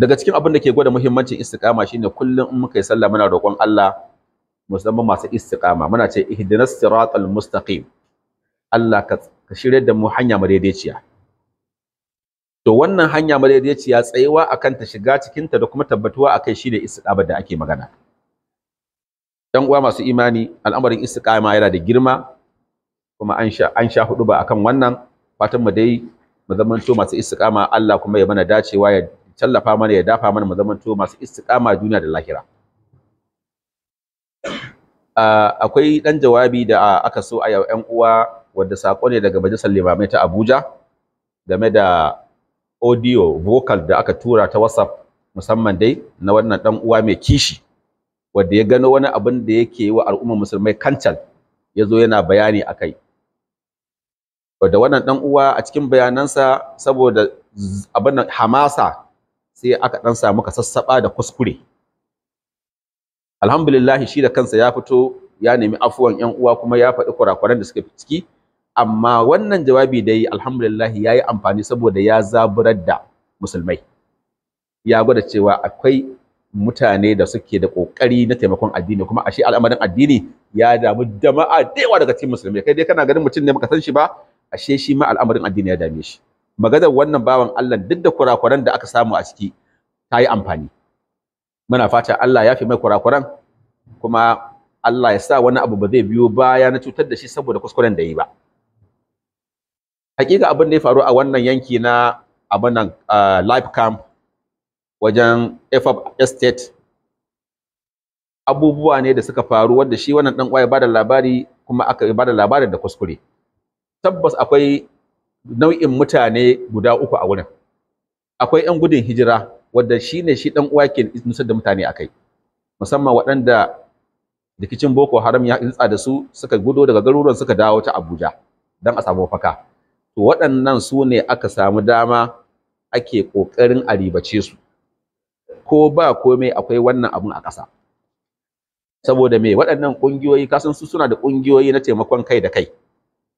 daga cikin abin da ke gwada muhimmancin istiqama shine kullum in muka yi sallah muna roƙon Allah musamman masu istiqama muna ce ihdinas siratal mustaqim Allah ka ka da mu hanya madaidaiciya to wannan hanya madaidaiciya tsayewa akan ta shiga cikin ta da kuma tabbatuwa akai shine istiqama da ake magana dan uwa masu imani al'amarin istiqama yana da girma kuma an sha an sha hudu ba akan wannan fatan mu dai mu to masu istiqama Allah kuma ya mana dacewa ya tallafa mana ya dafa mana mu masu istiqama duniya da lahira akwai dan jawabi da aka so a 'yan uwa wanda sako ne daga majalisar limamai ta Abuja game da audio vocal da aka tura ta WhatsApp musamman dai na wannan dan uwa mai kishi wanda ya gano wani abin da yake yi wa al'ummar musulmai kancal yazo yana bayani a kai wannan dan uwa a cikin bayanansa saboda abin hamasa sai aka dan samu ka sassaba da kuskure alhamdulillah shi da kansa ya fito ya nemi afuwan yan uwa kuma ya faɗi kurakuran da suka ciki amma wannan jawabi da yi alhamdulillah ya yi amfani saboda ya zaburar da musulmai ya gwada cewa akwai mutane da suke da kokari na taimakon addini kuma ashe al'amarin addini ya damu jama'a da yawa daga cikin musulmai kai dai kana ganin mutum ne maka san shi ba ashe shi ma al'amarin addini ya dame shi maganar wannan bawan Allah duk da kurakuran da aka samu a ciki ta yi amfani muna fata Allah ya fi mai kurakuran kuma Allah ya sa wani abu ba zai biyo baya na cutar da shi saboda kuskuren da yi ba hakika abin da ya faru a wannan yanki na abin nan life camp wajen FF Estate abubuwa ne da suka faru wanda shi wannan dan uwa ba da labari kuma aka bada labarin da kuskure tabbas akwai nau'in mutane guda uku a wurin akwai 'yan gudun hijira wadda shi ne shi ɗan uwa ke nusar da mutane a kai musamman waɗanda rikicin boko haram ya intsa da su suka gudo daga garuruwan suka dawo ta abuja don a samu faka to waɗannan su ne aka samu dama ake ƙoƙarin a ribace su ko ba komai akwai wannan abun a ƙasa saboda me waɗannan ƙungiyoyi kasan su suna da ƙungiyoyi na taimakon kai da kai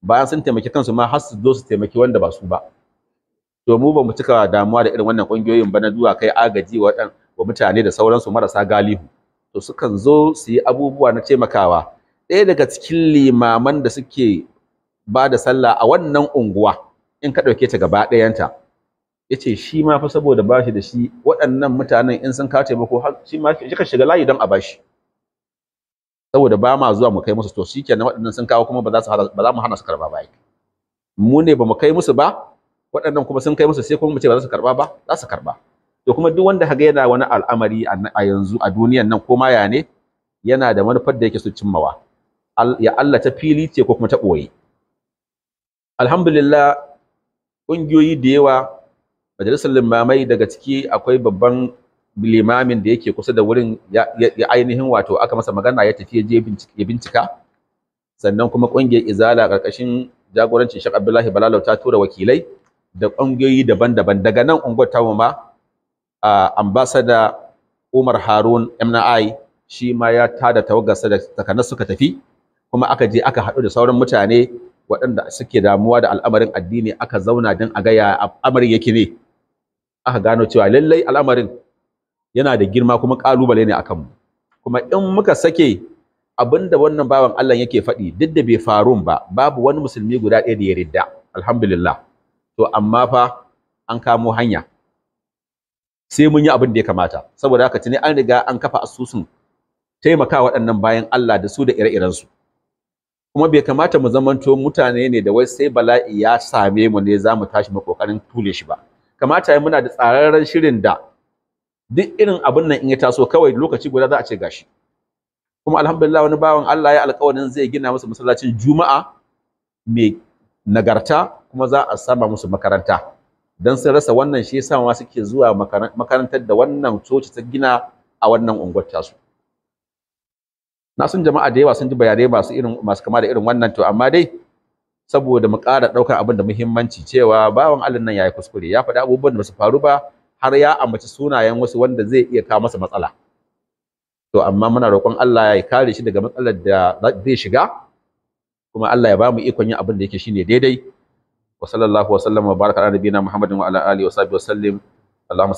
bayan sun taimaki kansu ma har su zo su taimaki wanda ba su ba to mu ba mu cika damuwa da irin wannan kungiyoyin ba na zuwa kai agaji wa dan wa mutane da sauransu marasa galihu to sukan zo su yi abubuwa na taimakawa ɗaya daga cikin limaman da suke ba da sallah a wannan unguwa in ka ɗauke ta gaba ɗayanta ya ce shi ma fa saboda bashi da shi waɗannan mutanen in sun kawo taimako shi ma shi ka shiga layi don a shi. saboda ba ma zuwa mu kai musu to shikenan waɗannan sun kawo kuma ba za su ba za mu hana su karba ba mu ne ba mu kai musu ba waɗannan kuma sun kai musu sai kuma mu ce ba za su karba ba za su karba to kuma duk wanda kaga yana wani al'amari a yanzu a duniyan nan ko ma ya ne yana da manufar da yake so cimmawa ya Allah ta fili ce ko kuma ta ɓoye alhamdulillah ƙungiyoyi da yawa majalisar limamai daga ciki akwai babban limamin da yake kusa da wurin ya ainihin wato aka masa magana ya tafi je ya bincika sannan kuma ƙungiyar izala ƙarƙashin jagorancin Sheikh Abdullahi Balalau ta tura wakilai da ƙungiyoyi daban-daban daga nan unguwar ta ma ambassador Umar Harun MNI shi ma ya tada tawagarsa da takanar suka tafi kuma aka je aka haɗu da sauran mutane waɗanda suke damuwa da al'amarin addini aka zauna don a ga ya al'amarin yake ne aka gano cewa lallai al'amarin yana da girma kuma kalubale ne akan mu kuma in muka sake abinda wannan bawan Allah yake faɗi duk da bai faru ba babu wani musulmi guda ɗaya da ya ridda alhamdulillah to amma fa an kamo hanya sai mun yi abin da ya kamata saboda haka tuni an riga an kafa asusun taimaka waɗannan bayan Allah da su da ire-iren su kuma bai kamata mu zamanto mutane ne da wai sai bala'i ya same mu ne za mu tashi mu kokarin tule shi ba kamata muna da tsararren shirin da duk irin abin nan in ya taso kawai lokaci guda za a ce gashi kuma alhamdulillah wani bawan Allah ya alƙawarin zai gina musu masallacin juma'a mai nagarta kuma za a sama musu makaranta dan sun rasa wannan shi yasa ma suke zuwa makarantar da wannan coci ta gina a wannan unguwar tasu na sun jama'a da yawa sun ji bayanai masu irin masu kama da irin wannan to amma dai saboda mu ƙara ɗaukar abin da muhimmanci cewa bawan Allah nan yayi kuskure ya faɗi abubuwan da ba su faru ba har ya ambaci sunayen wasu wanda zai iya kawo masa matsala to amma muna roƙon Allah ya kare shi daga matsalar da zai shiga kuma Allah ya bamu ikon yin abin da yake shine daidai wa sallallahu wa sallama wa baraka ala nabiyina muhammadin wa ala alihi wa sahbihi wa sallim allahumma